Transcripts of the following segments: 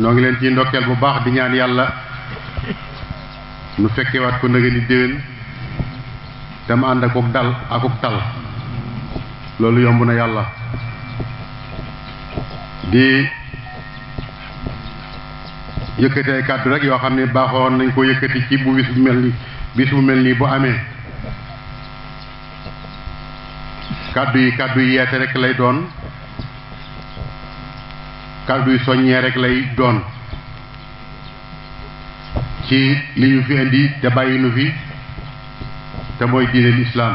noo ngi leen ci ndokkeel bu baax di ñaan yàlla nu fekkewaat ko ndëgë ni déwén te mu ànd akuk dal akuk tal loolu yomb na yàlla di yëkkati ay kàddu rek yoo xam ne baaxoon nañ ko yëkkati ci bu bis bu mel ni bis mel nii bu amee kàddu yi kàddu yi yeete rek lay doon kàddu yu soññee rek lay doon ci li ñu fi indi te bàyyi nu fi te mooy diine lislaam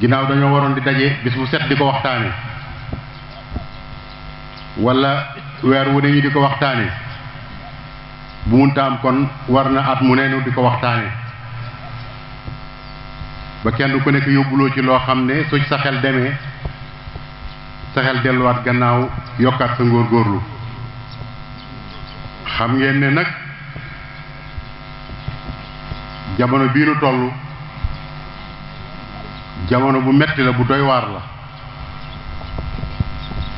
ginnaaw dañoo waroon di daje bis bu set di ko waxtaane wala weer wu ne ñu di ko waxtaane bu mun taam kon war na at mu neenu di ko waxtaane ba kenn ku nekk yóbbuloo ci loo xam ne su ci sa xel demee sa xel delluwaat gannaaw yokkaat sa ngóorgóorlu xam ngeen ne nag jamono bii nu toll jamono bu metti la bu doy waar la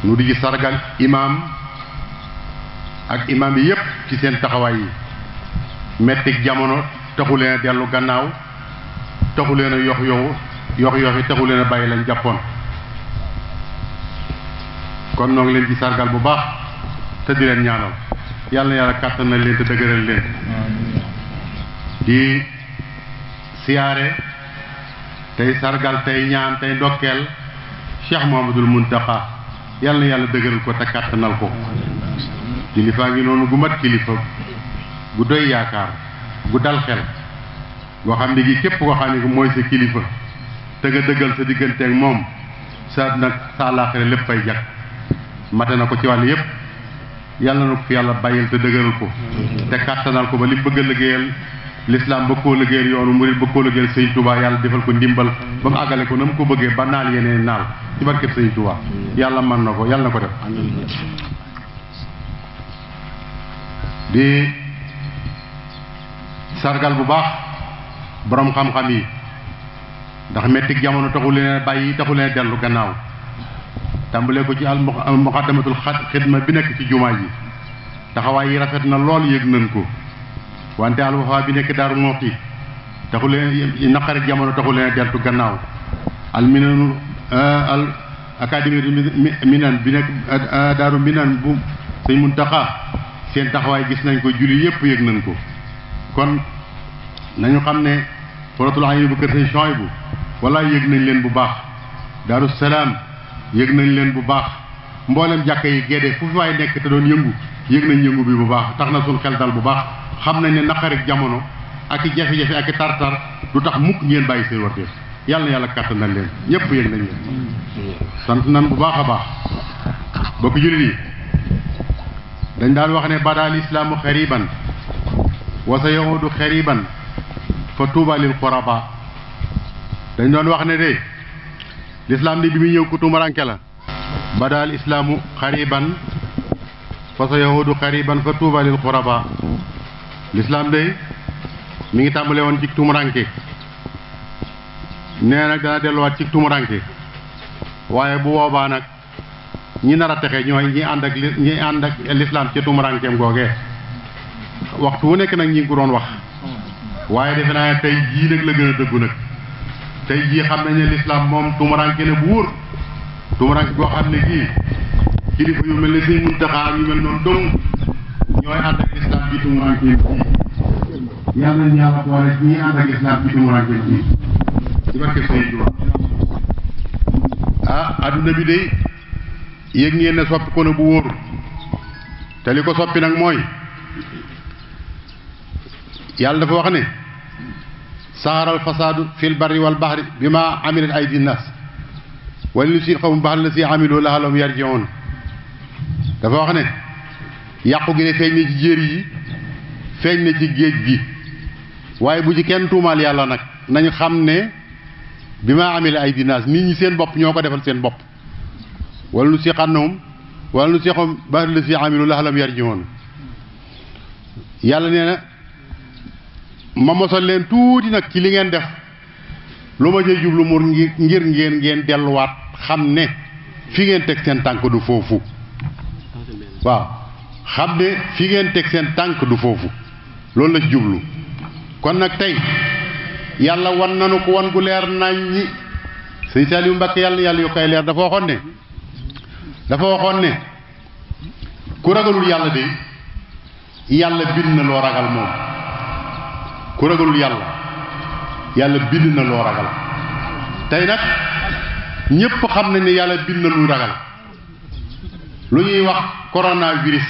nu di sargal imaam ak imaam yi yépp ci seen taxawaay yi mettik jamono taxu leen a dellu gannaaw taxu leen a yox yoxu yox yoxi taxu leen a bàyyi lañ jàppoon kon noo ngi leen ci sargal bu baax te di leen ñaanal yàlla yàlla kàttan na leen te dëgëral leen di siyaare tey sargal tey ñaan tey ndokkeel Cheikh Mouhamadoul Mountakha yàlla na yàlla dëgëral ko te kàttanal ko kilifaa ngi noonu gu mat kilifa gu doy yaakaar bu dal xel goo xam ne gi képp koo xam ne mooy sa kilifa te nga dëggal sa digganteeg moom sa nag sa àllaaxira lépp fay jag mate na ko ci wàll yépp yàlla na ko fi yàlla bàyyil te dëgëral ko te kàttanal ko ba li bëgg a liggéeyal lislaam bëgg koo liggéeyal yoonu murid bëgg koo liggéeyal sëñ Touba yàlla defal ko ndimbal ba mu àggale ko na mu ko bëggee ba naal yeneen naal ci barkeb sëñ Touba yàlla man na ko yàlla na ko def di sargal bu baax borom xam-xam yi ndax metti jamono taxu leen bàyyi taxu leen dellu gannaaw tàmbalee ko ci al muqaddamatul xidma bi nekk ci jumaa ji taxawaay yi rafet na lool yëg nañ ko wante al wafa bi nekk daaru moxti taxu leen naqari jamono taxu leen deltu gannaaw al minanu euh, al académie minan bi nekk euh, daaru minan bu sëñ Muntaxa seen taxawaay gis nañ ko julli yëpp yëg nañ ko kon nañu xam ne forotul ayn bu kër sëñ Chouaïbou wala yëg nañ leen bu baax daaru salaam yëg nañ leen bu baax mboolem jàkka yi gédde fu fi waay nekk te doon yëngu yëg nañ yëngu bi bu baax tax na suñ xel dal bu baax xam nañ ne naqarik jamono ak i jafe-jafe ak i tartar du tax mukk ngeen bàyyi seen warteef yàlla na yàlla kàttan nañ leen ñëpp yëg nañ leen sant nan bu baax a baax bokk jullit yi dañ daan wax ne bada al islaamu xariban wa sa yahudu xariban fa tuuba lil quraba dañ doon wax ne de lislaam de bi muy ñëw ku tumuranke la ba daal islaamu xariban fa sa yahudu xariban fa tuuba lil xuraba lislaam de mu ngi tàmbale woon ci tumuranke nee nag dana delluwaat ci tumuranke waaye bu woobaa nag ñi nar a texe ñooy ñi ànd ak li ànd ak lislaam ca tumurankeem googee waxtu wu nekk nag ñi ngi ko doon wax waaye defe naa tey jii nag la gën a dëggu nag tey jii xam nañ ne lislaam moom tumuranke ne bu wóor tumuranke boo xam ne gii kilifa yu mel ne sëñ Muntaxa yu mel noonu dong ñooy ànd ak lislaam bi tumuranke ji yàlla nañ bi tumuranke ji ah adduna bi de yëg ngeen ne soppi ko bu wóor te li ko soppi nag mooy yàlla dafa wax ne sahara alfasaadu fi lbarri walbahri bi ma amilat aydi nnas walinusir xawm baxar la si amilu laalahum yarjiun dafa wax ne gi ne feeñ yi feeñ na ci géej gi waaye bu ci kenn tuumaal yàlla nag nañ xam ne bi ma amila ay nnas nit ñi seen bopp ñoo ko defal seen bopp wala nu siqannahum wala nu siqom baxar la si yàlla nee na ma mosal leen tuuti nag ci li ngeen def lu ma jëy jublu mu ngir ngeen ngeen delluwaat xam ne fi ngeen teg seen tànk du foofu waaw xam ne fi ngeen teg seen tànk du foofu loolu la jublu kon nag tey yàlla wan nanu ko wan gu leer nañ ñi sëñ Saliou Mbacke yàlla yàlla yu koy leer dafa waxoon ne dafa waxoon ne ku ragalul yàlla de yàlla bind na loo ragal moom ku ragalul yàlla yàlla bind na loo ragal tey nag ñépp xam nañ ne yàlla bind na lu ragal lu ñuy wax korona coronavirus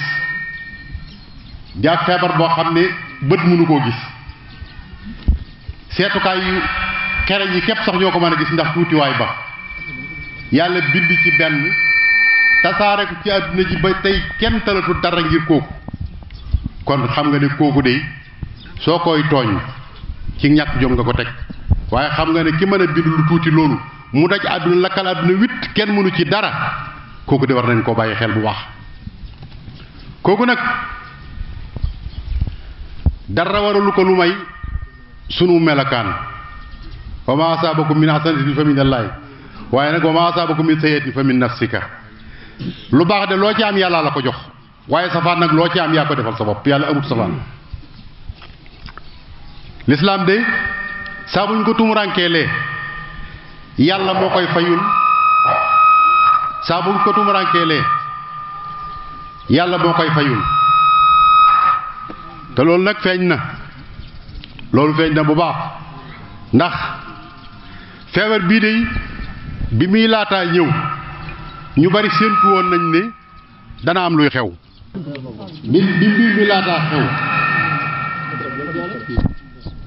jaab feebar boo xam ne bët mënu koo gis seetukaay yu xereñ yi képp sax ñoo ko mën a gis ndax tuutiwaay ba yàlla bind ci benn tasaare ko ci àdduna ji ba tey kenn talatul dara ngir kooku kon xam nga ne kooku de soo koy tooñ ci ñàkk jom nga ko teg waaye xam nga ne ki mën a bind lu tuuti loolu mu daj àdduna lakkal àdduna witt kenn mënu ci dara kooku de war nañ koo bàyyi xel bu baax kooku nag dara waralu ko lu may sunu melakaan wa ma asaabakum min hasanatin fa min allahi waaye nag wa ma asaabakum min sayyi'atin fa min nafsika lu baax de loo ci am yàlla la ko jox waaye safaan nag loo ci am yaa ko defal sa bopp yàlla amut safaan lislaam de saa buñ ko tumuraankeelee yàlla moo koy fayul saa buñ ko tumuraankeelee yàlla moo koy fayul te loolu nag feeñ na loolu feeñ na bu baax ndax feebar bii de bi muy laataa ñëw ñu bari séentu woon nañ ni dana am luy xew bi bi mbir xew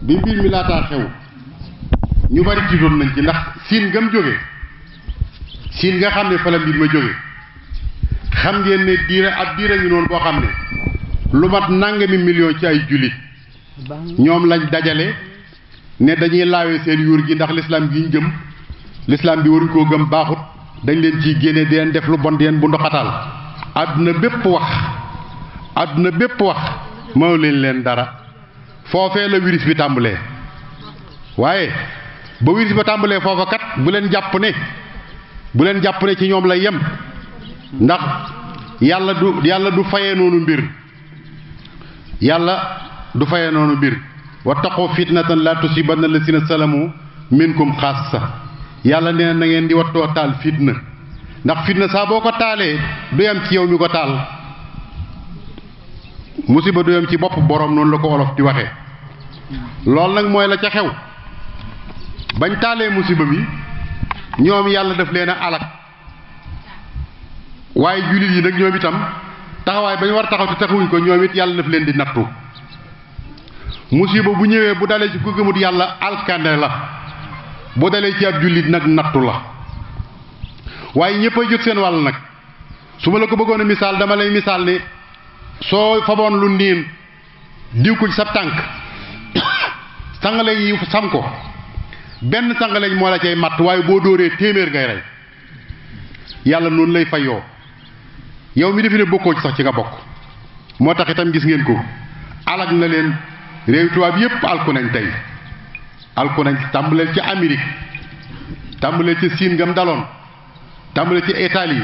bi mbir mi laataa xew ñu bari tiitoon nañ ci ndax siin nga mu siin nga xam ne fa la mbir ma jóge xam ngeen ne diire ab diire ngi noonu boo xam ne lu mat nangami million ci ay jullit ñoom lañ dajale ne dañuy laawee seen yuur gi ndax lislaam gi ñu gëm lislaam bi waruñ koo gëm baaxut dañ leen ciy génne di def lu bon di leen bu ndoxataal àdduna bépp wax àdduna bépp wax moo leen leen dara foofee la virus bi tàmbalee waaye ba virus ba tàmbalee foofa kat bu leen jàpp ne bu leen jàpp ne ci ñoom lay yem ndax yàlla du yàlla du fayee noonu mbir yàlla du fayee noonu mbir wattaqu fitnatan la tusibanna lazina salamu minkum sa yàlla nee na ngeen di wattoo taal fitna ndax fitna saa boo ko taalee du ci yow mi ko taal musiba du yem ci bopp boroom noonu la ko olof di waxee loolu nag mooy la ca xew bañ taalee musiba bi ñoom yàlla def leen a waaye jullit yi nag ñoom itam taxawaay bañ war taxaw te taxawuñ ko ñoom it yàlla daf leen di nattu musiba bu ñëwee bu dalee ci ku gëmut yàlla alkande la bu dalee ci ab jullit nag nattu la waaye ñëpp a jot seen wàll nag su ma la ko bëggoon a misaal dama lay misaal ni soo faboon lu niin diw ko ci sa tànk sangaleñ yi sam ko benn sangaleñ moo la cay matt waaye boo dóoree téeméer ngay rey yàlla noonu lay fayoo yow mi defe ne bokkoo ci sax ci nga bokk moo tax itam gis ngeen ko alag na leen réew tubaab yépp alku tey alku nañ tàmbaleel ci Amérique tàmbaleel ci Siin ngam daloon tàmbaleel ci Italie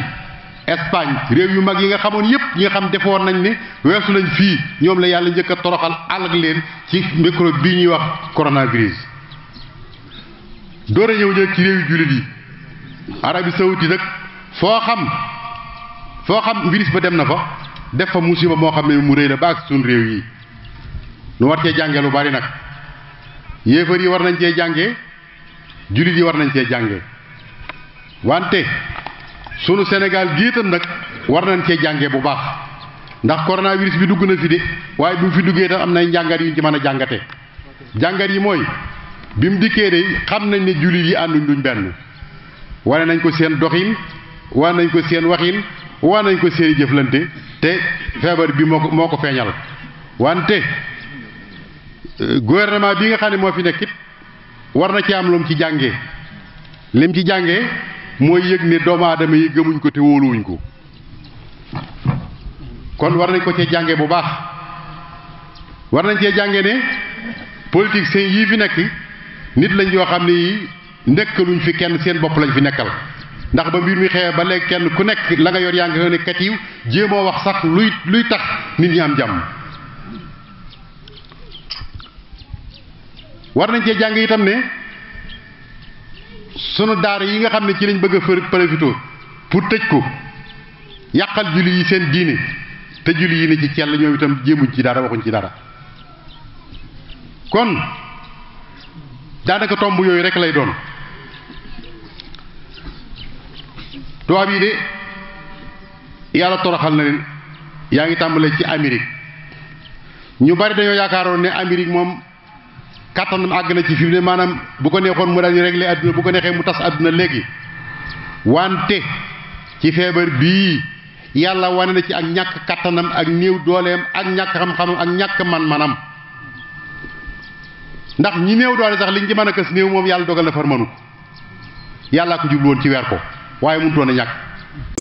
Espagne réew yu mag yi nga xamoon yépp ñi xam defoon nañ ne weesu lañ fii ñoom la yàlla njëkk a toroxal àll leen ci microbe bi ñuy wax coronavirus. door a ñëw ñëw ci réew yu jullit yi Arabie Saoudite nag foo xam foo xam virus ba dem na fa def fa musiba moo xam ne mu rëy la ba ak suñ réew yi nu war cee jàngee lu bari nag yéefar yi war nañ cee jànge jullit yi war nañ cee jàngee wante sunu Sénégal géitam nag war nañ cee jàngee bu baax ndax coronavirus bi dugg na fi de waaye bi mu fi duggee tam am nay njàngar yu ñu ci mën a jàngate jàngat yi mooy bi mu dikkee de xam nañ ne jullit yi ànduñ duñ benn ware nañ ko seen doxin wane nañ ko seen waxin wane nañ ko seen jëflante te feebar bi moo moo ko feeñal wante euh, gouvernement bi nga xam ne moo fi nekk it war na ci am lum ci jànge lim ci jàngee mooy yëg ne doomu aadama yi gëmuñ ko te wóoluwuñ ko kon war nañ ko ci jànge bu baax war nañ cee jànge ne politiciens yii fi nekk nit lañ yoo xam ne yi nekkaluñ fi kenn seen bopp lañ fi nekkal ndax ba mbir mi xewee ba léegi kenn ku nekk la nga yor yaa ngi ne kat yiw jéemoo wax sax luy luy tax nit ñi am jàmm war nañ cee jàng itam ne sunu daara yi nga xam ne ci lañ bëgg a profité pour tëj ko yàqal julli yi seen diine te julli yi ne ci cell ñoom itam jéemuñ ci dara waxuñ ci dara kon daanaka tomb yooyu rek lay doon tubaab yi de yàlla toroxal na leen yaa ngi tàmbalee ci Amérique ñu bari dañoo yaakaaroon ne Amérique moom kàttanam àgg na ci fi mu maanaam bu ko neexoon mu daal di régler àdduna bu ko neexee mu tas àdduna léegi wante ci feebar bii yàlla wane na ci ak ñàkk kàttanam ak néew dooleem ak ñàkk xam-xamam ak ñàkk man-manam ndax ñi néew doole sax liñ ci mën a kës néew moom yàlla dogal na far mënu yàllaa ko jublu ci weer ko waaye mënutoon a ñàkk